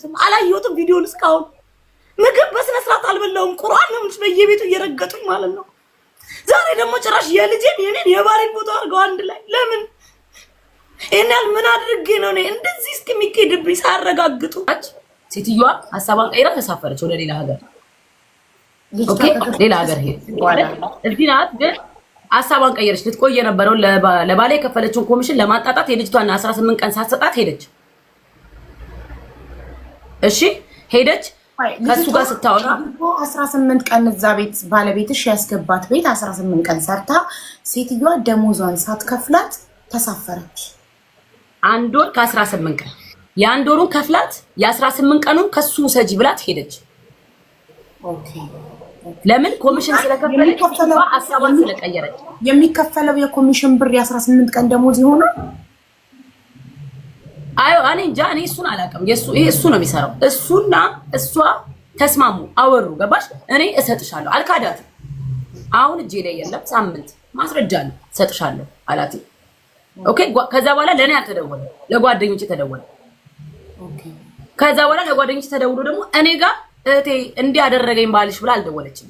አላየሁትም አላየሁትም ቪዲዮን እስካሁን ምግብ በስነስርዓት አልበላውም። ቁርአን ነው ምንጭ በየቤቱ እየረገጡኝ ማለት ነው። ዛሬ ደግሞ ጭራሽ የልጄን የኔን የባሌን ፎቶ አድርገው አንድ ላይ ለምን ይሄን ያህል ምን አድርጌ ነው እኔ እንደዚህ እስኪ ሳያረጋግጡ። ሴትዮዋ ሀሳቧን ቀይራ ተሳፈረች ወደ ሌላ ሀገር፣ ሌላ ሀገር ሄ እዚህ ናት ግን ሀሳቧን ቀየረች። ልትቆየ የነበረውን ለባሌ የከፈለችውን ኮሚሽን ለማጣጣት የልጅቷን አስራ ስምንት ቀን ሳትሰጣት ሄደች። እሺ ሄደች ከሱ ጋር ስታወራ አስራ ስምንት ቀን እዛ ቤት ባለቤትሽ ያስገባት ቤት አስራ ስምንት ቀን ሰርታ ሴትዮዋ ደሞዟን ሳትከፍላት ተሳፈረች። አንድ ወር ከአስራ ስምንት ቀን የአንድ ወሩን ከፍላት የአስራ ስምንት ቀኑን ከሱ ውሰጂ ብላት ሄደች። ለምን ኮሚሽን ስለከፈለች ሀሳቧን ስለቀየረች የሚከፈለው የኮሚሽን ብር የአስራ ስምንት ቀን ደሞዝ ይሆናል። አይ እኔ እንጃ እኔ እሱን አላውቅም። የሱ ይሄ እሱ ነው የሚሰራው። እሱና እሷ ተስማሙ፣ አወሩ። ገባሽ? እኔ እሰጥሻለሁ አልካዳት። አሁን እጄ ላይ የለም፣ ሳምንት ማስረጃ ነው እሰጥሻለሁ አላት። ኦኬ። ከዛ በኋላ ለእኔ አልተደወለ፣ ለጓደኞቼ ተደወለ። ከዛ በኋላ ለጓደኞቼ ተደውሎ ደግሞ እኔ ጋር እህቴ እንዲህ አደረገኝ ባልሽ ብላ አልደወለችም።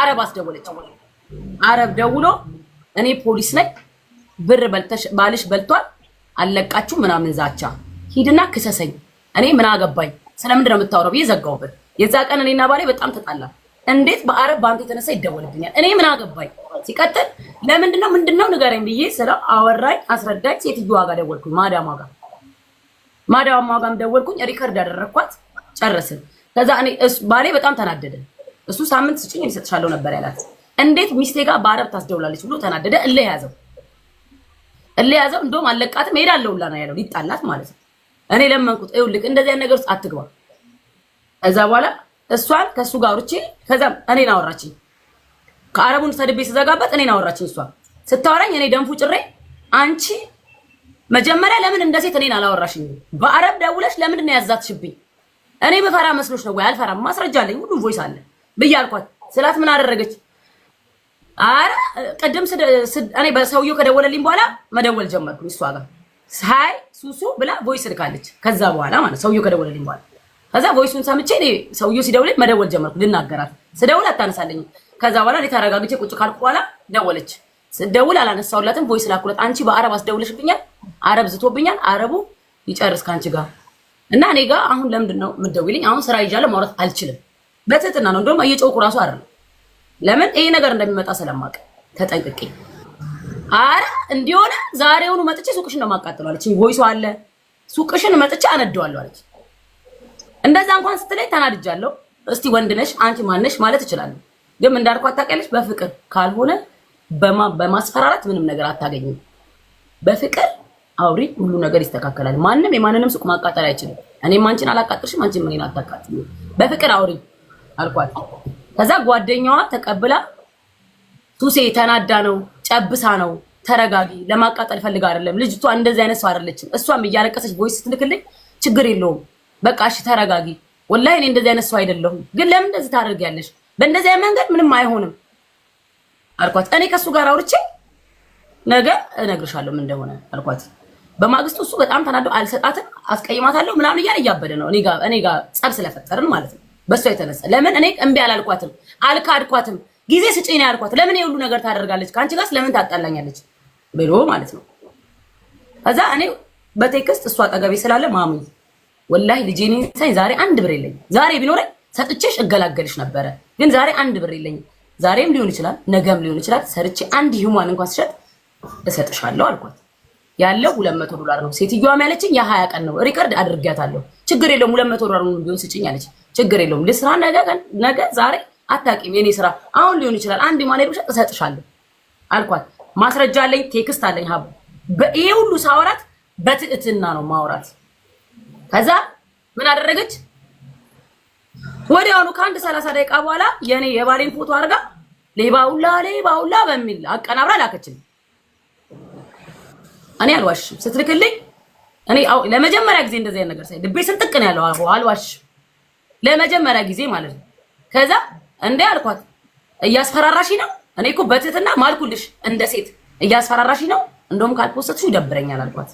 አረብ አስደወለች። አረብ ደውሎ እኔ ፖሊስ ነኝ፣ ብር ባልሽ በልቷል አለቃችሁ ምናምን ዛቻ ሂድና ክሰሰኝ። እኔ ምን አገባኝ ስለምንድን ነው የምታወራው ብዬ ዘጋሁበት። የዛ ቀን እኔና ባሌ በጣም ተጣላ። እንዴት በአረብ ባንክ የተነሳ ይደወልብኛል? እኔ ምን አገባኝ። ሲቀጥል ለምንድን ነው ምንድን ንገረኝ ብዬ ስለ አወራኝ አስረዳኝ። ሴትዮዋ ጋር ደወልኩኝ፣ ማዳሟ ጋር ማዳሟ ጋርም ደወልኩኝ። ሪከርድ ያደረግኳት ጨረስን። ከዛ ባሌ በጣም ተናደደ። እሱ ሳምንት ስጭኝ እሰጥሻለሁ ነበር ያላት። እንዴት ሚስቴ ጋር በአረብ ታስደውላለች ብሎ ተናደደ። እለ ያዘው እልያዘው እንደውም አለቃትም እሄዳለሁ ሁላ ነው ያለው። ሊጣላት ማለት ነው። እኔ ለመንኩት፣ ይኸውልህ እንደዚያ ነገር ውስጥ አትግባ። ከዛ በኋላ እሷን ከሱ ጋር አውርቼ ከዛም እኔን አወራችኝ። ከአረቡን ሰድቤ ስዘጋበት እኔን አወራችኝ። እሷ ስታወራኝ እኔ ደንፉ ጭሬ አንቺ መጀመሪያ ለምን እንደ ሴት እኔን አላወራሽኝ? በአረብ ደውለሽ ለምንድን ነው ያዛትሽብኝ? እኔ በፈራ መስሎሽ ነው ወይ? አልፈራም፣ ማስረጃ አለኝ፣ ሁሉም ቮይስ አለ ብዬ አልኳት ስላት ምን አደረገች? አረ ቅድም እኔ በሰውየው ከደወለልኝ በኋላ መደወል ጀመርኩ። እሷ ጋር ሀይ ሱሱ ብላ ቮይስ ልካለች። ከዛ በኋላ ማለት ሰውየው ከደወለልኝ በኋላ ከዛ ቮይሱን ሰምቼ እኔ ሰውየው ሲደውልኝ መደወል ጀመርኩ። ልናገራት ስደውል አታነሳለኝም። ከዛ በኋላ እኔ ተረጋግቼ ቁጭ ካልኩ በኋላ ደወለች። ስደውል አላነሳውላትም። ቮይስ ላኩለት። አንቺ በአረብ አስደውልሽብኛል፣ አረብ ዝቶብኛል፣ አረቡ ይጨርስ ከአንቺ ጋር እና እኔ ጋር አሁን ለምንድን ነው የምትደውይልኝ? አሁን ስራ ይዣለሁ ማውራት አልችልም። በትህትና ነው እንደውም እየጨውኩ ራሱ አይደለም ለምን ይሄ ነገር እንደሚመጣ ስለማውቅ ተጠንቅቄ፣ አረ እንዲሆነ ዛሬውኑ መጥቼ ሱቅሽን ነው የማቃጥለው አለች። ወይሷ አለ ሱቅሽን መጥቼ አነደዋለሁ አለች። እንደዛ እንኳን ስትለኝ ተናድጃለሁ። እስቲ ወንድ ነሽ አንቺ ማነሽ ማለት እችላለሁ፣ ግን እንዳልኳት ታውቂያለሽ፣ በፍቅር ካልሆነ በማስፈራራት ምንም ነገር አታገኝም። በፍቅር አውሪ፣ ሁሉ ነገር ይስተካከላል። ማንም የማንንም ሱቅ ማቃጠል አይችልም። እኔም አንቺን አላቃጥልሽም፣ አንቺም ምን አታቃጥልም። በፍቅር አውሪ አልኳት። ከዛ ጓደኛዋ ተቀብላ ቱሴ ተናዳ ነው ጨብሳ ነው ተረጋጊ፣ ለማቃጠል ፈልጋ አይደለም ልጅቷ። እንደዚህ አይነት ሰው አይደለችም። እሷም እያለቀሰች ቮይስ ስትልክልኝ ችግር የለውም በቃ እሺ ተረጋጊ፣ ወላሂ እኔ እንደዚህ አይነት ሰው አይደለሁም፣ ግን ለምን እንደዚህ ታደርጊያለሽ? በእንደዚህ አይነት መንገድ ምንም አይሆንም አልኳት። እኔ ከእሱ ጋር አውርቼ ነገ እነግርሻለሁ ምን እንደሆነ አልኳት። በማግስቱ እሱ በጣም ተናዶ አልሰጣትም፣ አስቀይማታለሁ ምናምን እያለ እያበደ ነው እኔ ጋር ጸብ ስለፈጠርን ማለት ነው በእሷ የተነሳ ለምን እኔ እምቢ አላልኳትም፣ አልካድኳትም። ጊዜ ስጪኝ ነው ያልኳት። ለምን የሁሉ ነገር ታደርጋለች? ከአንቺ ጋርስ ለምን ታጣላኛለች? ብሎ ማለት ነው። ከዛ እኔ በቴክስት እሷ አጠገቤ ስላለ ማሙ ወላሂ ልጄን ሳይ ዛሬ አንድ ብር የለኝም። ዛሬ ቢኖረኝ ሰጥቼሽ እገላገልሽ ነበረ፣ ግን ዛሬ አንድ ብር የለኝም። ዛሬም ሊሆን ይችላል፣ ነገም ሊሆን ይችላል። ሰርቼ አንድ ሂሟን እንኳን ስሸጥ እሰጥሻለሁ አልኳት። ያለው 200 ዶላር ነው። ሴትዮዋም ያለችኝ ያ 20 ቀን ነው ሪከርድ አድርጊያታለሁ። ችግር የለውም 200 ዶላር ቢሆን ስጭኝ አለች። ችግር የለውም ልስራ፣ ነገ ዛሬ አታውቂም። የኔ ስራ አሁን ሊሆን ይችላል። አንድ ማኔር ብቻ እሰጥሻለሁ አልኳት። ማስረጃ አለኝ፣ ቴክስት አለኝ። ሀቡ ይሄ ሁሉ ሳወራት በትዕትና ነው ማውራት። ከዛ ምን አደረገች? ወዲያውኑ ከአንድ ሰላሳ ደቂቃ በኋላ የኔ የባሌን ፎቶ አድርጋ ሌባ ሁላ በሚል አቀናብራ ላከችልኝ። እኔ አልዋሽም ስትልክልኝ፣ እኔ ለመጀመሪያ ጊዜ እንደዚህ ነገር ሳይ ልቤ ስንጥቅ ነው ያለው። አልዋሽም ለመጀመሪያ ጊዜ ማለት ነው። ከዛ እንዴ አልኳት፣ እያስፈራራሽ ነው። እኔ እኮ በትህትና ማልኩልሽ እንደ ሴት እያስፈራራሽ ነው። እንደውም ካልፖሰትሽ ይደብረኛል አልኳት።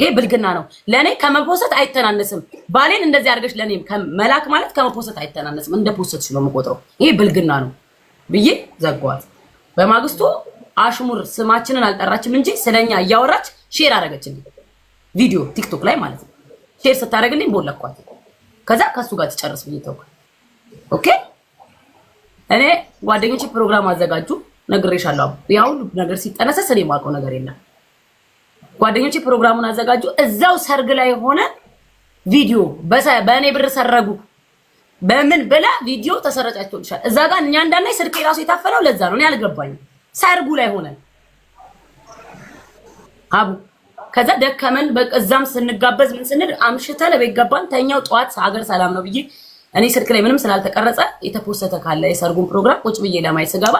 ይሄ ብልግና ነው። ለእኔ ከመፖሰት አይተናነስም። ባሌን እንደዚህ አድርገሽ ለኔ መላክ ማለት ከመፖሰት አይተናነስም። እንደ ፖሰትሽ ነው የምቆጥረው። ይሄ ብልግና ነው ብዬ ዘጓት። በማግስቱ አሽሙር ስማችንን አልጠራችም እንጂ ስለኛ እያወራች ሼር አደረገችልኝ ቪዲዮ ቲክቶክ ላይ ማለት ነው። ሼር ስታደርግልኝ ቦለኳት። ከዛ ከሱ ጋር ትጨርስ ብዬ ተውኩ። ኦኬ እኔ ጓደኞቼ ፕሮግራም አዘጋጁ ነግሬሻለሁ። ያው ሁሉ ነገር ሲጠነሰስ እኔ የማውቀው ነገር የለም። ጓደኞቼ ፕሮግራሙን አዘጋጁ። እዛው ሰርግ ላይ ሆነ ቪዲዮ በእኔ ብር ሰረጉ በምን ብላ ቪዲዮ ተሰረጫቸውልሻል። እዛ ጋር እኛ እንዳናይ ስልክ የራሱ የታፈነው ለዛ ነው። እኔ አልገባኝም። ሰርጉ ላይ ሆነን አቡ ከዛ ደከመን በእዛም ስንጋበዝ ምን ስንል አምሽተ ለቤት ገባን፣ ተኛው። ጠዋት ሀገር ሰላም ነው ብዬ እኔ ስልክ ላይ ምንም ስላልተቀረጸ የተፖሰተ ካለ የሰርጉን ፕሮግራም ቁጭ ብዬ ለማየት ስገባ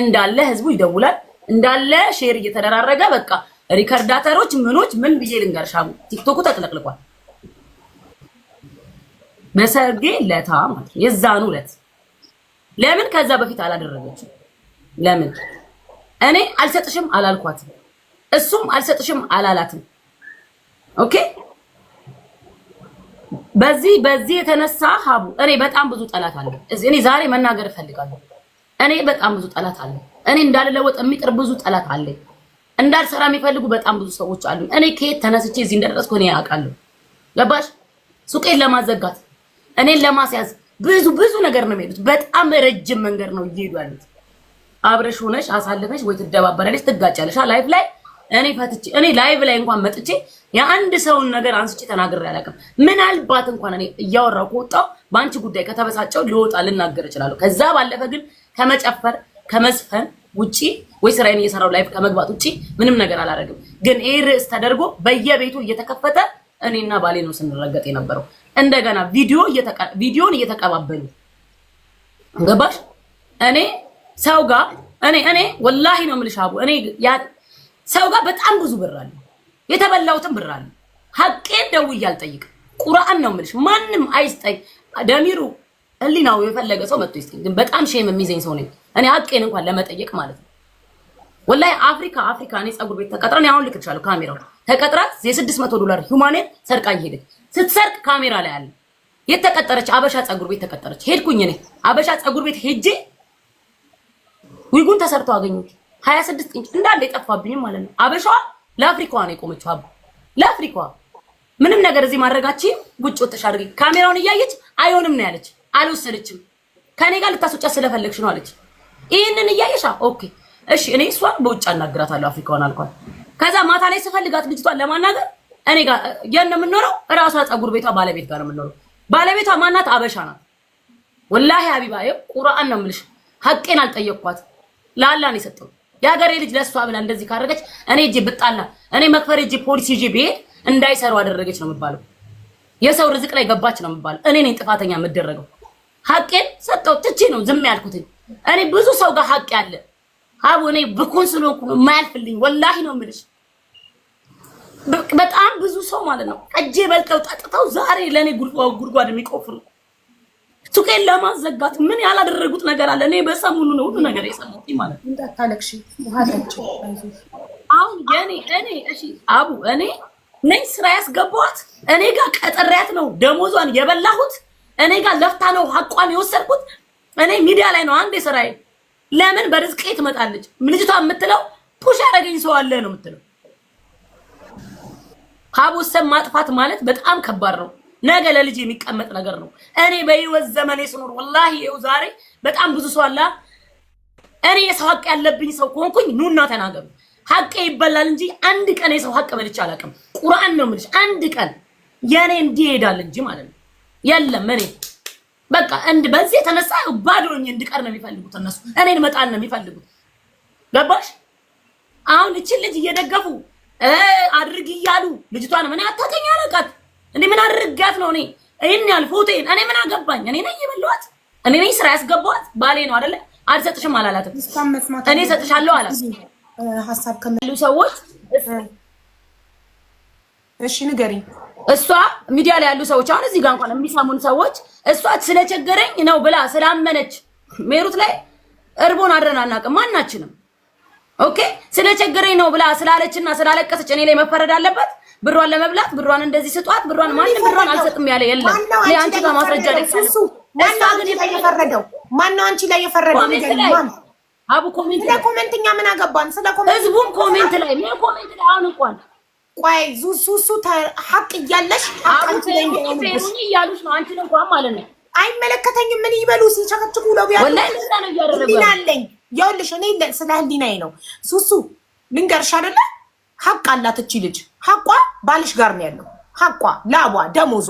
እንዳለ ህዝቡ ይደውላል፣ እንዳለ ሼር እየተደራረገ በቃ ሪከርዳተሮች ምኖች ምን ብዬ ልንገርሽ፣ ቲክቶኩ ተጥለቅልቋል። በሰርጌ ለታ ማለት የዛኑ ለት ለምን ከዛ በፊት አላደረገችው? ለምን እኔ አልሰጥሽም አላልኳትም እሱም አልሰጥሽም አላላትም። ኦኬ በዚህ በዚህ የተነሳ ሀቡ እኔ በጣም ብዙ ጠላት አለ። እኔ ዛሬ መናገር እፈልጋለሁ። እኔ በጣም ብዙ ጠላት አለ። እኔ እንዳልለወጥ የሚጥር ብዙ ጠላት አለ። እንዳልሰራ የሚፈልጉ በጣም ብዙ ሰዎች አሉ። እኔ ከየት ተነስቼ እዚህ እንደደረስኩ እኔ አውቃለሁ። ገባሽ? ሱቄን ለማዘጋት እኔን ለማስያዝ ብዙ ብዙ ነገር ነው የሚሄዱት። በጣም ረጅም መንገድ ነው እየሄዱ ያሉት። አብረሽ ሆነሽ አሳልፈሽ ወይ ትደባበራለሽ፣ ትጋጫለሽ ላይፍ ላይ እኔ ፈትቼ እኔ ላይቭ ላይ እንኳን መጥቼ የአንድ ሰውን ነገር አንስቼ ተናግሬ አላውቅም። ምናልባት እንኳን እኔ እያወራሁ ከወጣሁ በአንቺ ጉዳይ ከተበሳጨው ልወጣ ልናገር እችላለሁ። ከዛ ባለፈ ግን ከመጨፈር ከመስፈን ውጪ ወይ ስራዬን እየሰራሁ ላይቭ ከመግባት ውጪ ምንም ነገር አላደርግም። ግን ይህ ርዕስ ተደርጎ በየቤቱ እየተከፈተ እኔና ባሌ ነው ስንረገጥ የነበረው። እንደገና ቪዲዮ ቪዲዮን እየተቀባበሉ ገባሽ? እኔ ሰው ጋር እኔ እኔ ወላሂ ነው የምልሽ አቡ እኔ ሰው ጋር በጣም ብዙ ብር አለ፣ የተበላሁትን ብር አለ። ሀቄን ደውዬ አልጠይቅም። ቁርአን ነው የምልሽ። ማንም አይስጠኝ። ደሚሩ ህሊናው የፈለገ ሰው መጥቶ ይስጠኝ። ግን በጣም ሼም የሚይዘኝ ሰው ነኝ እኔ ሀቄን እንኳን ለመጠየቅ ማለት ነው። ወላሂ አፍሪካ አፍሪካ እኔ ፀጉር ቤት ተቀጥራ አሁን ልክልሻለሁ ካሜራው ተቀጥራ የስድስት መቶ ዶላር ሂውማኔት ሰርቃ እየሄደች ስትሰርቅ ካሜራ ላይ አለ። የተቀጠረች አበሻ ፀጉር ቤት ተቀጠረች። ሄድኩኝ እኔ አበሻ ፀጉር ቤት ሄጄ ዊጉን ተሰርተው አገኘሁት። ሀያ ስድስት ኢንች እንዳለ የጠፋብኝም ማለት ነው። አበሻዋ ለአፍሪካዋ ነው የቆመችው። አባ ለአፍሪካዋ ምንም ነገር እዚህ ማድረጋች ውጭ ወጥተሽ አድርገኝ። ካሜራውን እያየች አይሆንም ነው ያለች። አልወሰደችም። ከኔ ጋር ልታስወጫት ስለፈለግሽ ነው አለች። ይህንን እያየሻ ኦኬ እሺ፣ እኔ እሷን በውጭ አናግራታለሁ አፍሪካውን አልኳት። ከዛ ማታ ላይ ስፈልጋት ልጅቷን ለማናገር እኔ ጋር የት ነው የምንኖረው? እራሷ ፀጉር ቤቷ ባለቤት ጋር ነው የምንኖረው። ባለቤቷ ማናት? አበሻ ናት። ወላሂ ሀቢባ ይኸው ቁርአን ነው የምልሽ። ሀቄን አልጠየቅኳት። ለአላህ ነው የሰጠው የሀገሬ ልጅ ለእሷ ብላ እንደዚህ ካደረገች እኔ እጄ ብጣላ እኔ መክፈር እጄ ፖሊስ ይዤ ብሄድ እንዳይሰሩ አደረገች ነው የምባለው። የሰው ርዝቅ ላይ ገባች ነው የምባለው። እኔ ነኝ ጥፋተኛ የምደረገው። ሀቄን ሰጠው ትቼ ነው ዝም ያልኩትኝ። እኔ ብዙ ሰው ጋር ሀቅ ያለ አቡ እኔ ብኩን ስለሆንኩ ነው የማያልፍልኝ። ወላሂ ነው የምልሽ። በጣም ብዙ ሰው ማለት ነው እጄ በልተው ጠጥተው ዛሬ ለእኔ ጉድጓድ የሚቆፍሩ ሱቄን ለማዘጋት ምን ያላደረጉት ነገር አለ? እኔ በሰሙኑ ነው ሁሉ ነገር የሰማሁት ማለት ነው። አሁን የኔ እኔ እሺ አቡ እኔ ነኝ ስራ ያስገባኋት እኔ ጋር ቀጠሪያት ነው ደሞዟን የበላሁት እኔ ጋር ለፍታ ነው ሀቋን የወሰድኩት። እኔ ሚዲያ ላይ ነው አንዴ ስራዬ። ለምን በርዝቄ ትመጣለች ልጅቷ የምትለው ፑሽ ያደረገኝ ሰው አለ ነው የምትለው። ካቦሰን ማጥፋት ማለት በጣም ከባድ ነው። ነገ ለልጅ የሚቀመጥ ነገር ነው። እኔ በህይወት ዘመኔ ስኖር ወላሂ ይኸው ዛሬ በጣም ብዙ ሰው አለ። እኔ የሰው ሀቅ ያለብኝ ሰው ከሆንኩኝ ኑና ተናገሩ። ሀቄ ይበላል እንጂ አንድ ቀን የሰው ሀቅ በልቼ አላውቅም። ቁርአን ነው የምልሽ። አንድ ቀን የእኔ እንዲህ ይሄዳል እንጂ ማለት ነው የለም እኔ በቃ እንድ በዚህ የተነሳ ባዶኝ እንድቀር ነው የሚፈልጉት እነሱ እኔን መጣል ነው የሚፈልጉት። ገባሽ? አሁን እችን ልጅ እየደገፉ አድርግ እያሉ ልጅቷን ምን አታውቅኝ አላውቃት እንዴ ምን አድርጋት ነው? እኔ ይሄን ያህል ፎቴን እኔ ምን አገባኝ? እኔ ነኝ የበላኋት፣ እኔ ነኝ ስራ ያስገባኋት፣ ባሌ ነው አይደለ? አልሰጥሽም አላላትም። እኔ ሰጥሻለሁ አላት። ሀሳብ ከመሉ ሰዎች እሺ ንገሪ። እሷ ሚዲያ ላይ ያሉ ሰዎች አሁን እዚህ ጋር እንኳን የሚሰሙን ሰዎች እሷ ስለቸገረኝ ነው ብላ ስላመነች ሜሩት ላይ እርቦን አድረን አናውቅም ማናችንም። ኦኬ ስለቸገረኝ ነው ብላ ስላለችና ስላለቀሰች እኔ ላይ መፈረድ አለበት። ብሯን ለመብላት ብሯን እንደዚህ ስጧት፣ ብሯን ማንም ብሯን አልሰጥም ያለ የለም። አንቺ ጋር ማስረጃ ደሱ አንቺ ላይ የፈረደው? ማነው አንቺ ላይ የፈረደው? አቡ ኮሜንት ላይ ኮሜንት፣ እኛ ምን አገባን? ስለ ኮሜንት ህዝቡም ኮሜንት ላይ ምን ኮሜንት ላይ አሁን እንኳን ቆይ ሱሱ ሀቅ እያለሽ አንቺ ላይ እያሉሽ ነው። አንቺን እንኳን ማለት ነው አይመለከተኝም። ምን ይበሉ ሲጨቀጭቁ ነው ቢያሉ ወላሂ ነው ያደረገው። ይላልኝ ይኸውልሽ፣ እኔ ስለ ህሊናዬ ነው ሱሱ ልንገርሽ አይደለ ሀቅ አላት እቺ ልጅ። ሀቋ ባልሽ ጋር ነው ያለው፣ ሀቋ ላቧ፣ ደሞዟ።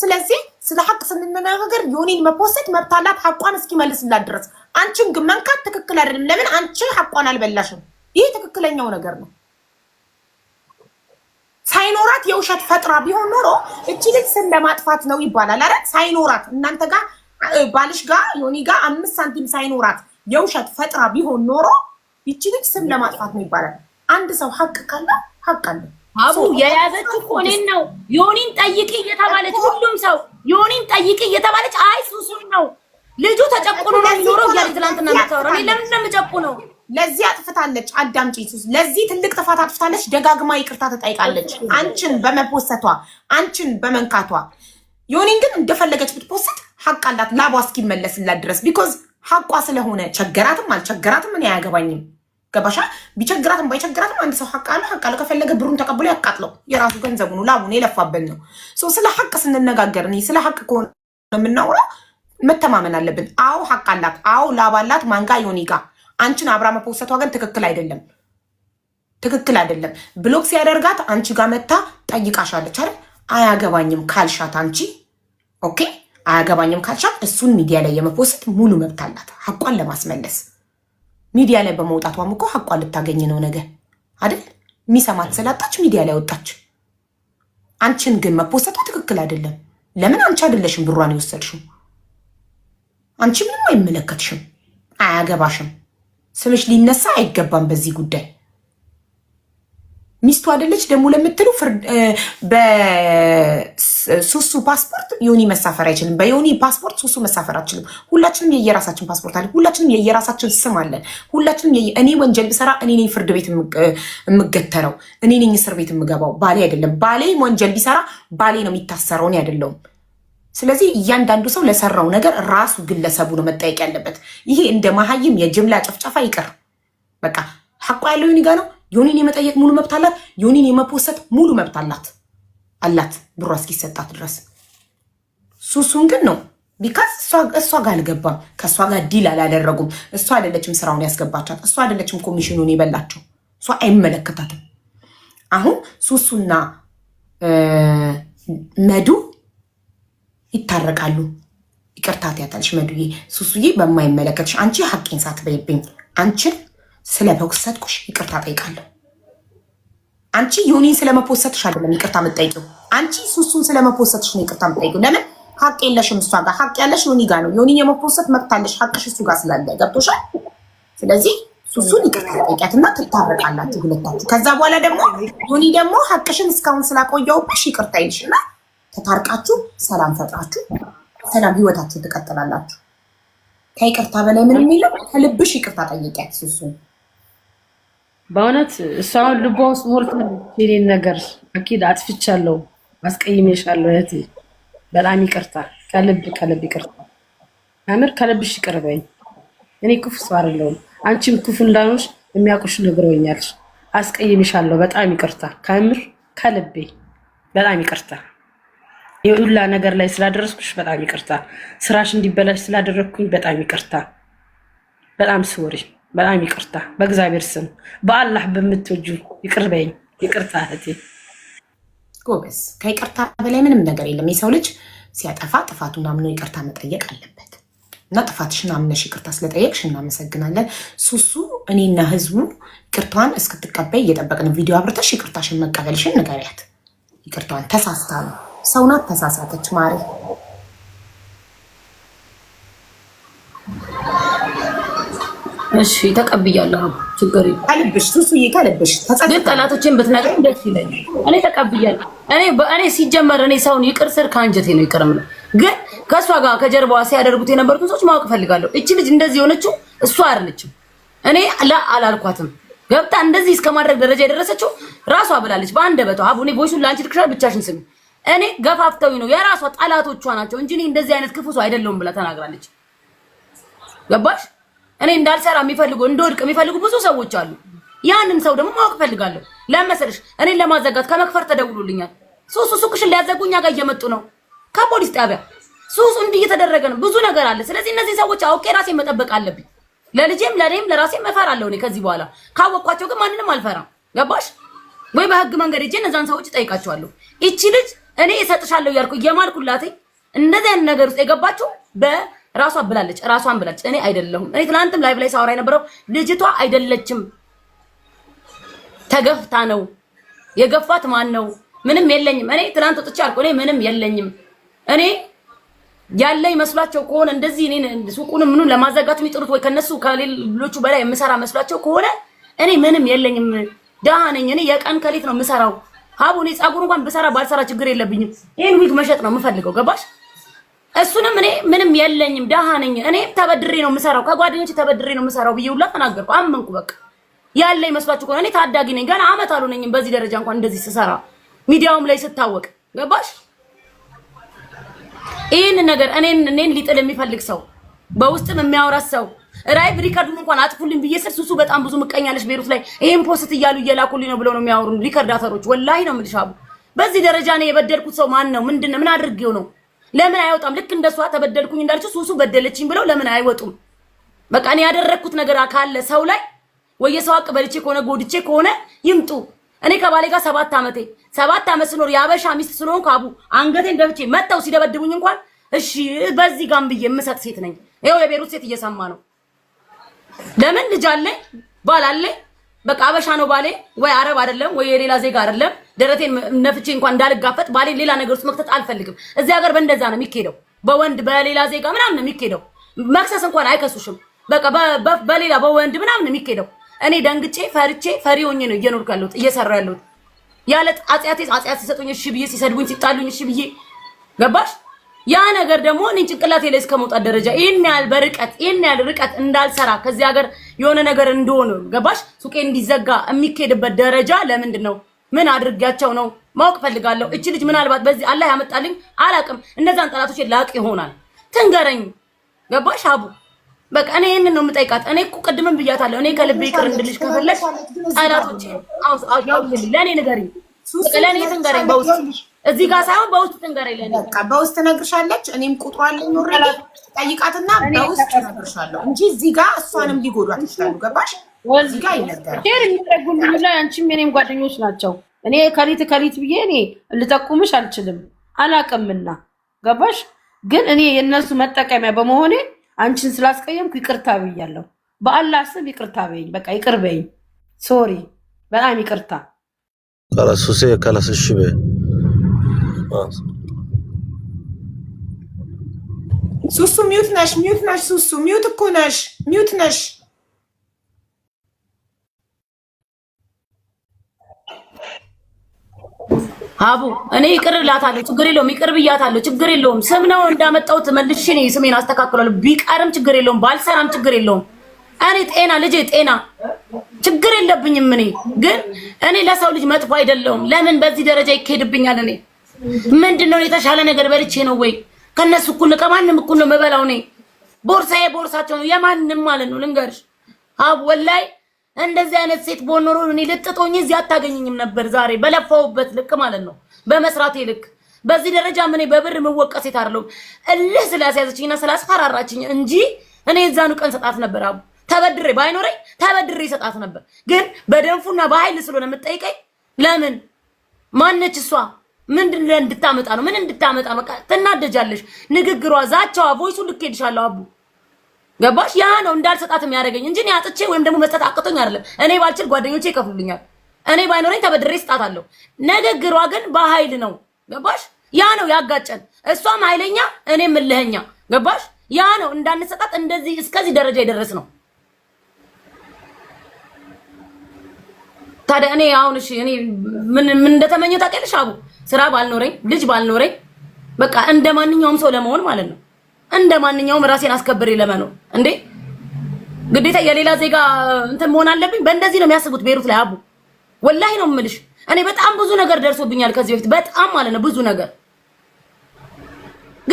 ስለዚህ ስለ ሀቅ ስንነጋገር ዮኒን መፖሰት መብት አላት ሀቋን እስኪመልስላት ድረስ። አንቺን ግን መንካት ትክክል አይደለም። ለምን አንቺ ሀቋን አልበላሽም? ይህ ትክክለኛው ነገር ነው። ሳይኖራት የውሸት ፈጥራ ቢሆን ኖሮ እቺ ልጅ ስም ለማጥፋት ነው ይባላል። አረ ሳይኖራት እናንተ ጋር ባልሽ ጋር ዮኒ ጋር አምስት ሳንቲም ሳይኖራት የውሸት ፈጥራ ቢሆን ኖሮ ይቺ ልጅ ስም ለማጥፋት ነው ይባላል። አንድ ሰው ሀቅ ካለ ሀቅ አለ። አቡ የያዘች እኮ እኔን ነው ዮኒን ጠይቂ እየተባለች ሁሉም ሰው ዮኒን ጠይቂ እየተባለች አይ ሱሱን ነው ልጁ ተጨቁኖ ነው የሚኖረው እያለች ትናንትና የምታወራው እኔ ለምን ነው የምጨቁነው? ለዚህ አጥፍታለች። አዳምጪ ሱስ ለዚህ ትልቅ ጥፋት አጥፍታለች። ደጋግማ ይቅርታ ተጠይቃለች። አንቺን በመፖሰቷ አንቺን በመንካቷ ዮኒን ግን እንደፈለገች ብትፖስት ሀቅ አላት ላቧ እስኪመለስላት ድረስ ቢኮዝ ሀቋ ስለሆነ ቸገራትም አልቸገራትም እኔ አያገባኝም። ገባሻ? ቢቸግራትም ባይቸግራትም አንድ ሰው ሀቅ አለ ሀቅ አለ። ከፈለገ ብሩን ተቀብሎ ያቃጥለው፣ የራሱ ገንዘቡ ነው፣ ላቡን የለፋበት ነው። ስለ ሀቅ ስንነጋገር እኔ ስለ ሀቅ ከሆነ የምናውራ መተማመን አለብን። አዎ ሀቅ አላት፣ አዎ ላብ አላት። ማንጋ ዮኒ ጋ አንቺን አብራ መፖሰቷ ግን ትክክል አይደለም፣ ትክክል አይደለም። ብሎክ ሲያደርጋት አንቺ ጋር መታ ጠይቃሻለች አይደል? አያገባኝም ካልሻት አንቺ ኦኬ፣ አያገባኝም ካልሻት እሱን ሚዲያ ላይ የመፖሰት ሙሉ መብት አላት ሀቋን ለማስመለስ ሚዲያ ላይ በመውጣቷም እኮ ሀቋ ልታገኝ ነው ነገ አይደል? የሚሰማት ስላጣች ሚዲያ ላይ ወጣች። አንቺን ግን መፖሰቷ ትክክል አይደለም። ለምን አንቺ አይደለሽም ብሯን የወሰድሽው? አንቺ ምንም አይመለከትሽም፣ አያገባሽም። ስምሽ ሊነሳ አይገባም በዚህ ጉዳይ። ሚስቱ አይደለች ደግሞ ለምትሉ በሱሱ ፓስፖርት ዮኒ መሳፈር አይችልም። በዮኒ ፓስፖርት ሱሱ መሳፈር አችልም። ሁላችንም የየራሳችን ፓስፖርት አለ። ሁላችንም የየራሳችን ስም አለን። ሁላችንም እኔ ወንጀል ብሰራ እኔ ነኝ ፍርድ ቤት የምገተረው፣ እኔ ነኝ እስር ቤት የምገባው፣ ባሌ አይደለም። ባሌ ወንጀል ቢሰራ ባሌ ነው የሚታሰረው፣ እኔ አይደለሁም። ስለዚህ እያንዳንዱ ሰው ለሰራው ነገር ራሱ ግለሰቡ ነው መጠየቅ ያለበት። ይሄ እንደ መሀይም የጅምላ ጨፍጨፋ ይቅር። በቃ ሀቋ ያለው ዮኒ ጋ ነው ዮኒን የመጠየቅ ሙሉ መብት አላት። ዮኒን የመፖሰት ሙሉ መብት አላት አላት ብሯ እስኪሰጣት ድረስ። ሱሱን ግን ነው ቢካዝ እሷ ጋር አልገባም፣ ከእሷ ጋር ዲል አላደረጉም። እሷ አይደለችም ስራውን ያስገባቻት፣ እሷ አይደለችም ኮሚሽኑን የበላቸው፣ እሷ አይመለከታትም። አሁን ሱሱና መዱ ይታረቃሉ። ይቅርታት ትያታለሽ መዱዬ፣ ሱሱዬ በማይመለከትሽ አንቺ ሀቄን ሳትበይብኝ አንቺን ስለመወሰድኩሽ ይቅርታ ጠይቃለሁ። አንቺ ዮኒን ስለመፖሰትሽ አይደለም ይቅርታ የምጠይቂው፣ አንቺ ሱሱን ስለመፖሰትሽ ነው ይቅርታ የምጠይቂው። ለምን ሀቅ የለሽም እሷ ጋር፣ ሀቅ ያለሽ ዮኒ ጋር ነው። ዮኒን የመፖሰት መብታለሽ፣ ሀቅሽ እሱ ጋር ስላለ ገብቶሻል። ስለዚህ ሱሱን ይቅርታ ትታረቃላችሁ ሁለታችሁ። ከዛ በኋላ ደግሞ ዮኒ ደግሞ ሀቅሽን እስካሁን ስላቆየውብሽ ይቅርታ ተታርቃችሁ ሰላም ፈጥራችሁ ሰላም ህይወታችሁ ትቀጥላላችሁ። ከይቅርታ በላይ ምንም የለም። ከልብሽ ይቅርታ ጠይቂያት ሱሱን በእውነት እሷ አሁን ልቧ ውስጥ ሞልታለች። የእኔን ነገር አኪድ አጥፍቻለሁ፣ አስቀይሜሻለሁ እህቴ፣ በጣም ይቅርታ፣ ከልብ ከልብ ይቅርታ። አምር ከልብሽ ይቅር እኔ ክፉ ሰው አይደለሁም። አንቺም ክፉ እንዳልሆንሽ የሚያውቁሽ ነግረውኛል። አስቀይሜሻለሁ፣ በጣም ይቅርታ፣ ከምር ከልቤ በጣም ይቅርታ። የሁላ ነገር ላይ ስላደረስኩሽ በጣም ይቅርታ። ስራሽ እንዲበላሽ ስላደረግኩኝ በጣም ይቅርታ። በጣም ስወሪ በጣም ይቅርታ፣ በእግዚአብሔር ስም በአላህ በምትወጁ ይቅር በይኝ። ይቅርታ እህቴ ጎበዝ። ከይቅርታ በላይ ምንም ነገር የለም። የሰው ልጅ ሲያጠፋ ጥፋቱን አምኖ ይቅርታ መጠየቅ አለበት እና ጥፋትሽን አምነሽ ይቅርታ ስለጠየቅሽ እናመሰግናለን። ሱሱ እኔና ህዝቡ ቅርቷን እስክትቀበይ እየጠበቅን ቪዲዮ አብርተሽ ይቅርታሽን መቀበልሽን ንገሪያት። ይቅርቷን ተሳስታ ነው ሰውናት ተሳሳተች ማሪ እሺ ተቀብያለሁ። ችግር አልብሽ ሱሱ ይቀልብሽ። ግን ጠላቶችን ብትነግረኝ ደስ ይለኛል። እኔ ተቀብያለሁ። እኔ በእኔ ሲጀመር እኔ ሰውን ይቅር ስር ከአንጀቴ ነው ይቅርም ነው። ግን ከእሷ ጋር ከጀርባዋ ሲያደርጉት የነበሩትን ሰዎች ማወቅ እፈልጋለሁ። እቺ ልጅ እንደዚህ የሆነችው እሷ አይደለችም። እኔ ላ አላልኳትም። ገብታ እንደዚህ እስከ ማድረግ ደረጃ የደረሰችው ራሷ ብላለች። በአንደበቷ አቡ እኔ ቦይሱን ለአንቺ ልክሻል፣ ብቻሽን ስሚ። እኔ ገፋፍተዊ ነው የራሷ ጠላቶቿ ናቸው እንጂ እኔ እንደዚህ አይነት ክፉ ሰው አይደለሁም ብላ ተናግራለች። ገባሽ? እኔ እንዳልሰራ የሚፈልጉ እንደወድቅ የሚፈልጉ ብዙ ሰዎች አሉ። ያንን ሰው ደግሞ ማወቅ እፈልጋለሁ። ለመሰለሽ እኔን ለማዘጋት ከመክፈር ተደውሎልኛል። ሱሱ ሱቅሽን ሊያዘጉ ጋር እየመጡ ነው፣ ከፖሊስ ጣቢያ ሱሱ እንዲህ እየተደረገ ነው። ብዙ ነገር አለ። ስለዚህ እነዚህ ሰዎች አውቄ ራሴን መጠበቅ አለብኝ። ለልጄም ለእኔም ለራሴም እፈራለሁ። እኔ ከዚህ በኋላ ካወቅኳቸው ግን ማንንም አልፈራም። ገባሽ ወይ? በህግ መንገድ እጄ እነዛን ሰዎች እጠይቃቸዋለሁ። ይቺ ልጅ እኔ እሰጥሻለሁ እያልኩ እየማልኩላት እንደዚህ አይነት ነገር ውስጥ የገባችው በ ራሷ ብላለች፣ ራሷን ብላለች። እኔ አይደለሁም። እኔ ትናንትም ላይቭ ላይ ሳወራ የነበረው ልጅቷ አይደለችም፣ ተገፍታ ነው። የገፋት ማን ነው? ምንም የለኝም። እኔ ትናንት ወጥቼ አልኩ፣ እኔ ምንም የለኝም። እኔ ያለኝ መስሏቸው ከሆነ እንደዚህ እኔ ሱቁን ምኑን ለማዘጋት የሚጥሩት ወይ ከነሱ ከሌሎቹ በላይ የምሰራ መስሏቸው ከሆነ እኔ ምንም የለኝም፣ ደሃ ነኝ። እኔ የቀን ከሌት ነው የምሰራው። ሀቡ እኔ ፀጉር እንኳን ብሰራ ባልሰራ ችግር የለብኝም። ይሄን ዊግ መሸጥ ነው የምፈልገው። ገባሽ? እሱንም እኔ ምንም የለኝም ደሃ ነኝ እኔ ተበድሬ ነው የምሰራው ከጓደኞች ተበድሬ ነው የምሰራው ብዬ ሁላ ተናገርኩ። አመንኩ በቃ ያለ ይመስላችሁ ከሆነ እኔ ታዳጊ ነኝ፣ ገና አመት አልሆነኝም በዚህ ደረጃ እንኳን እንደዚህ ስሰራ ሚዲያውም ላይ ስታወቅ ገባሽ። ይህንን ነገር እኔን እኔን ሊጥል የሚፈልግ ሰው በውስጥም የሚያወራት ሰው ራይቭ ሪከርዱን እንኳን አጥፉልኝ ብዬ ስል ሱሱ በጣም ብዙ ምቀኛለች ቤሩት ላይ ይሄን ፖስት እያሉ እየላኩልኝ ነው ብለው ነው የሚያወሩ ሪከርዳተሮች። ወላሂ ነው የምልሽ አቡ፣ በዚህ ደረጃ ነው የበደልኩት ሰው ማን ነው? ምንድን ነው? ምን አድርጌው ነው? ለምን አይወጣም? ልክ እንደሷ ተበደልኩኝ እንዳለችው ሱሱ በደለችኝ ብለው ለምን አይወጡም? በቃ እኔ ያደረግኩት ነገር ካለ ሰው ላይ ወየ ሰው አቅ ከሆነ ጎድቼ ከሆነ ይምጡ። እኔ ከባሌ ጋር ሰባት ዓመቴ ሰባት ዓመት ስኖር የአበሻ ሚስት ስለሆን ካቡ አንገቴን ደፍቼ መጥተው ሲደበድቡኝ እንኳን እሺ በዚህ ጋም ብዬ የምሰጥ ሴት ነኝ። ይኸው የቤሩት ሴት እየሰማ ነው። ለምን ልጅ አለኝ ባል አለኝ በቃ አበሻ ነው ባሌ፣ ወይ አረብ አይደለም ወይ የሌላ ዜጋ አይደለም። ደረቴን ነፍቼ እንኳን እንዳልጋፈጥ ባሌ ሌላ ነገር ውስጥ መክተት አልፈልግም። እዚህ ሀገር በእንደዛ ነው የሚኬደው፣ በወንድ በሌላ ዜጋ ምናምን ነው የሚኬደው። መክሰስ እንኳን አይከሱሽም። በቃ በሌላ በወንድ ምናምን ነው የሚኬደው። እኔ ደንግጬ ፈርቼ ፈሪ ሆኜ ነው እየኖርኩ ያለሁት እየሰራ ያለሁት ያለ አጽያቴ አጽያት ሲሰጡኝ እሺ ብዬ ሲሰድቡኝ ሲጣሉኝ እሺ ብዬ ገባሽ ያ ነገር ደግሞ እኔ ጭንቅላቴ ላይ እስከመውጣት ደረጃ ይሄን ያህል በርቀት ይሄን ያህል ርቀት እንዳልሰራ ከዚህ ሀገር የሆነ ነገር እንደሆነ ገባሽ? ሱቄ እንዲዘጋ የሚካሄድበት ደረጃ ለምንድን ነው? ምን አድርጊያቸው ነው ማወቅ ፈልጋለሁ። እቺ ልጅ ምናልባት በዚህ አላህ ያመጣልኝ አላቅም፣ እነዛን ጠላቶች ላቅ ይሆናል ትንገረኝ። ገባሽ አቡ? በቃ እኔ ይሄንን ነው የምጠይቃት። እኔ እኮ ቅድምም ብያታለሁ። እኔ ከልብ ይቅር እንድልሽ ከፈለሽ ጠላቶቼ አውስ አውስ ለኔ ንገሪኝ፣ ለኔ ትንገረኝ በውስጥ እዚህ ጋር ሳይሆን በውስጥ ትንገር ለኔ በቃ በውስጥ ነግርሻለች። እኔም ቁጥሩ አለኝ ኖረኝ ጠይቃትና በውስጥ ነግርሻለሁ እንጂ እዚህ ጋር እሷንም ሊጎዷት ይችላሉ። ገባሽ? እዚህ ጋር ይነገራል። ሼር የሚያደርጉልኝ ላይ አንቺም የኔም ጓደኞች ናቸው። እኔ ከሊት ከሊት ብዬ እኔ ልጠቁምሽ አልችልም አላቅምና፣ ገባሽ? ግን እኔ የእነሱ መጠቀሚያ በመሆኔ አንቺን ስላስቀየምኩ ይቅርታ ብያለሁ። በአላ ስም ይቅርታ በይኝ። በቃ ይቅር በይኝ። ሶሪ፣ በጣም ይቅርታ። ከላስ ሁሴ ከላስ እሺ በይ ሱሱ ሚዩት ነሽ፣ ሚዩት ነሽ፣ ሱሱ ሚዩት እኮ ነሽ፣ ሚዩት ነሽ። አቡ እኔ ይቅር እላታለሁ፣ ችግር የለውም። ይቅር ብያታለሁ፣ ችግር የለውም። ስም ነው እንዳመጣሁት መልሼ እኔ ስሜን አስተካክላለሁ። ቢቀርም ችግር የለውም፣ ባልሰራም ችግር የለውም። እኔ ጤና ልጄ ጤና ችግር የለብኝም። እኔ ግን እኔ ለሰው ልጅ መጥፎ አይደለውም ለምን በዚህ ደረጃ ይካሄድብኛል? እኔ ምንድነው የተሻለ ነገር በልቼ ነው ወይ ከነሱ እኩል ከማንም እኩል ነው መበላው ነኝ። ቦርሳዬ ቦርሳቸው ነው የማንም ማለት ነው። ልንገርሽ አብ ወላይ እንደዚህ አይነት ሴት ቦኖሮ እኔ ልጥጦኝ እዚህ አታገኘኝም ነበር። ዛሬ በለፋውበት ልክ ማለት ነው፣ በመስራቴ ልክ። በዚህ ደረጃ ምን በብር የምወቀስ ሴት አይደለሁም። እልህ ስላስያዘችኝና ስላስፈራራችኝ እንጂ እኔ እዛኑ ቀን ሰጣት ነበር። አቡ ተበድሬ ባይኖረኝ ተበድሬ ይሰጣት ነበር። ግን በደንፉና በኃይል ስለሆነ የምጠይቀኝ ለምን ማነች እሷ? ምን እንድታመጣ ነው? ምን እንድታመጣ ነው? በቃ ትናደጃለሽ። ንግግሯ፣ ዛቻዋ፣ ቮይሱ ልኬድሻለሁ። አቡ ገባሽ? ያ ነው እንዳልሰጣት የሚያደርገኝ እንጂ እኔ አጥቼ ወይም ደግሞ መስጠት አቅቶኝ አይደለም። እኔ ባልችል ጓደኞቼ ይከፍሉልኛል። እኔ ባይኖረኝ ተበድሬ ስጣታለሁ። ንግግሯ ግን በኃይል ነው። ገባሽ? ያ ነው ያጋጨን። እሷም ኃይለኛ፣ እኔም እልኸኛ። ገባሽ? ያ ነው እንዳንሰጣት እንደዚህ እስከዚህ ደረጃ የደረስ ነው። ታዲያ እኔ አሁን እሺ እኔ ምን ምን እንደተመኘ ታውቂያለሽ? አቡ ስራ ባልኖረኝ ልጅ ባልኖረኝ በቃ እንደ ማንኛውም ሰው ለመሆን ማለት ነው። እንደ ማንኛውም ራሴን አስከብሬ ለመኖር እንዴ ግዴታ የሌላ ዜጋ እንትን መሆን አለብኝ? በእንደዚህ ነው የሚያስቡት ቤሩት ላይ አቡ። ወላሂ ነው የምልሽ። እኔ በጣም ብዙ ነገር ደርሶብኛል ከዚህ በፊት በጣም ማለት ነው ብዙ ነገር።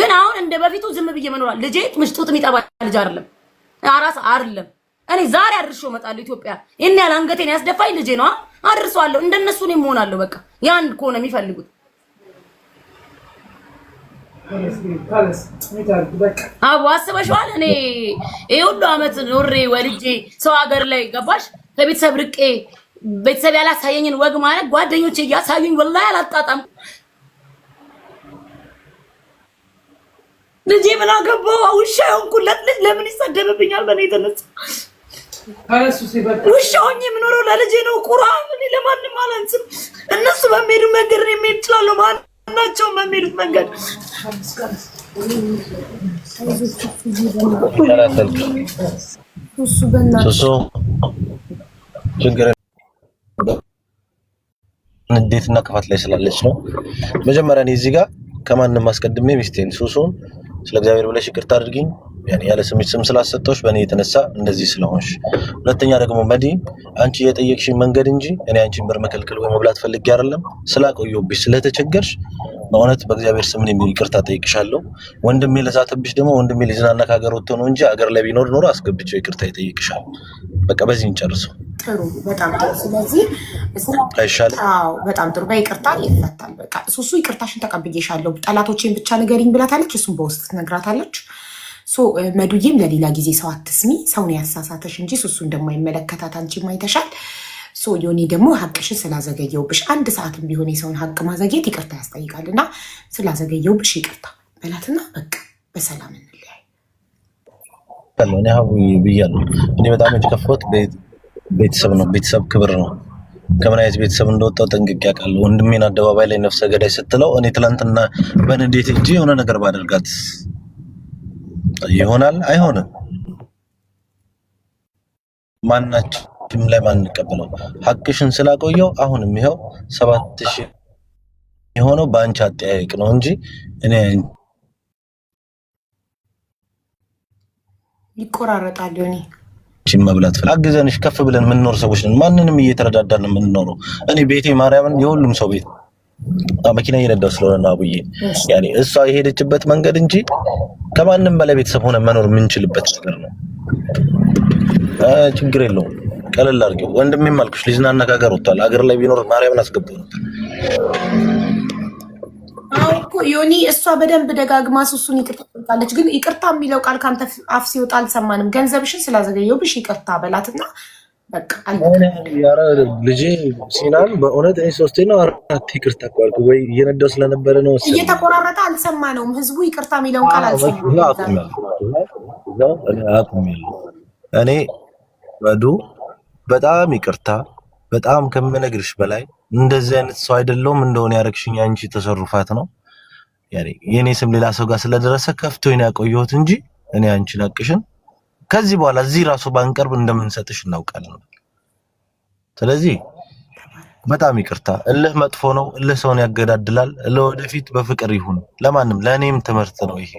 ግን አሁን እንደ በፊቱ ዝም ብዬ መኖራል። ልጄ ጡት የሚጠባ ልጅ አይደለም፣ አራስ አይደለም እኔ ዛሬ አድርሼው እመጣለሁ ኢትዮጵያ። ይሄን ያህል አንገቴን ያስደፋኝ ልጄ ነው። አድርሰዋለሁ። እንደነሱ እኔም እሆናለሁ። በቃ ያን ከሆነ የሚፈልጉት አቡ አስበሽዋል። እኔ ይሄ ሁሉ አመት ኖሬ ወልጄ ሰው ሀገር ላይ ገባሽ፣ ከቤተሰብ ርቄ ቤተሰብ ያላሳየኝን ወግ ማለት ጓደኞቼ እያሳዩኝ ወላሂ አላጣጣም። ልጄ ምን አገባው? ውሻ የሆንኩለት ልጅ ለምን ይሰደብብኛል በእኔ የተነሳ? ውሻ ሆኜ የምኖረው ለልጄ ነው። ቁርአን እኔ ለማንም አላንስም። እነሱ በሚሄዱ መንገድ ነው የሚሄድ ማናቸውም በሚሄዱት መንገድ ንዴትና ክፋት ላይ ስላለች ነው። መጀመሪያ እኔ እዚህ ጋር ከማንም አስቀድሜ ሚስቴን ሱሱን ስለ እግዚአብሔር ብለሽ ይቅርታ አድርጊኝ ያለ ስምሽ ስም ስላሰጠሁሽ በእኔ የተነሳ እንደዚህ ስለሆንሽ። ሁለተኛ ደግሞ መዲ አንቺ የጠየቅሽኝ መንገድ እንጂ እኔ አንቺን ብር መከልከል ወይ መብላት ፈልጌ አይደለም። ስላቆየሁብሽ ስለተቸገርሽ በእውነት በእግዚአብሔር ስም ይቅርታ ጠይቅሻለሁ። ወንድሜ ለዛተብሽ ደግሞ ወንድሜ ሊዝናና ከሀገር ወጥቶ ነው እንጂ ሀገር ላይ ቢኖር ኖሮ አስገብቼው ይቅርታ ይጠይቅሻል። በቃ በዚህ እንጨርሰው። ጥሩ፣ በጣም ጥሩ። ስለዚህ በጣም ጥሩ። በይቅርታ ይፈታል። በቃ እሱ ይቅርታሽን ተቀብዬሻለሁ፣ ጠላቶቼን ብቻ ንገሪኝ ብላታለች። እሱም በውስጥ ትነግራታለች። ሶ መዱዬም ለሌላ ጊዜ ሰው አትስሚ፣ ሰውን ያሳሳተሽ እንጂ እሱ እንደማይመለከታት አንቺ ማይተሻል። ሶ ዮኒ ደግሞ ሀቅሽን ስላዘገየውብሽ አንድ ሰዓትም ቢሆን የሰውን ሀቅ ማዘግየት ይቅርታ ያስጠይቃል እና ስላዘገየውብሽ ይቅርታ በላትና በቃ በሰላም እንለያይ ብያለሁ። እኔ በጣም የተከፋሁት ቤተሰብ ነው። ቤተሰብ ክብር ነው። ከምን አይነት ቤተሰብ እንደወጣው ጠንቅቄ አውቃለሁ። ወንድሜን አደባባይ ላይ ነፍሰ ገዳይ ስትለው እኔ ትላንትና በንዴት እጅ የሆነ ነገር ባደርጋት ይሆናል አይሆንም። ማናችንም ላይ ማንቀበለው ሀቅሽን ስላቆየው አሁንም ይኸው ሰባት ሺህ የሆነው በአንቺ አጠያየቅ ነው እንጂ እኔ ይቆራረጣል ሆኔ ችን መብላት ፍል አግዘንሽ ከፍ ብለን የምንኖር ሰዎች ነን። ማንንም እየተረዳዳን የምንኖረው እኔ ቤቴ ማርያምን የሁሉም ሰው ቤት መኪና እየነዳው ስለሆነ አቡዬ ያኔ እሷ የሄደችበት መንገድ እንጂ ከማንም በላይ ቤተሰብ ሆነ መኖር የምንችልበት ነገር ነው። ችግር የለውም። ቀለል አድርጌው ወንድም አልኩሽ ልጅና አነጋገር ወጥቷል። አገር ላይ ቢኖር ማርያምን አስገባ አዎ እኮ ዮኒ፣ እሷ በደንብ ደጋግማ ሱሱን ይቅርታ ትልታለች። ግን ይቅርታ የሚለው ቃል ከአንተ አፍ ሲወጣ አልሰማንም። ገንዘብሽን ስላዘገየሁብሽ ይቅርታ በላትና ልጅ ልጄ ሲናን በእውነት እኔ ሶስቴ ነው አራት ይቅርታ እኮ ወይ እየነዳው ስለነበረ ነው እየተቆራረጠ አልሰማ ነውም ህዝቡ ይቅርታ የሚለውን ቃል አልሰማ። እኔ በዱ በጣም ይቅርታ በጣም ከምነግርሽ በላይ እንደዚህ አይነት ሰው አይደለውም እንደሆነ ያደረግሽኝ አንቺ ተሰሩፋት ነው። የእኔ ስም ሌላ ሰው ጋር ስለደረሰ ከፍቶ ነው ያቆየሁት እንጂ እኔ አንቺ አቅሽን ከዚህ በኋላ እዚህ ራሱ ባንቀርብ እንደምንሰጥሽ እናውቃለን። ስለዚህ በጣም ይቅርታ። እልህ መጥፎ ነው። እልህ ሰውን ያገዳድላል። ለወደፊት በፍቅር ይሁን። ለማንም ለእኔም ትምህርት ነው ይሄ።